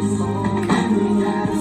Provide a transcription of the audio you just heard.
Ooh.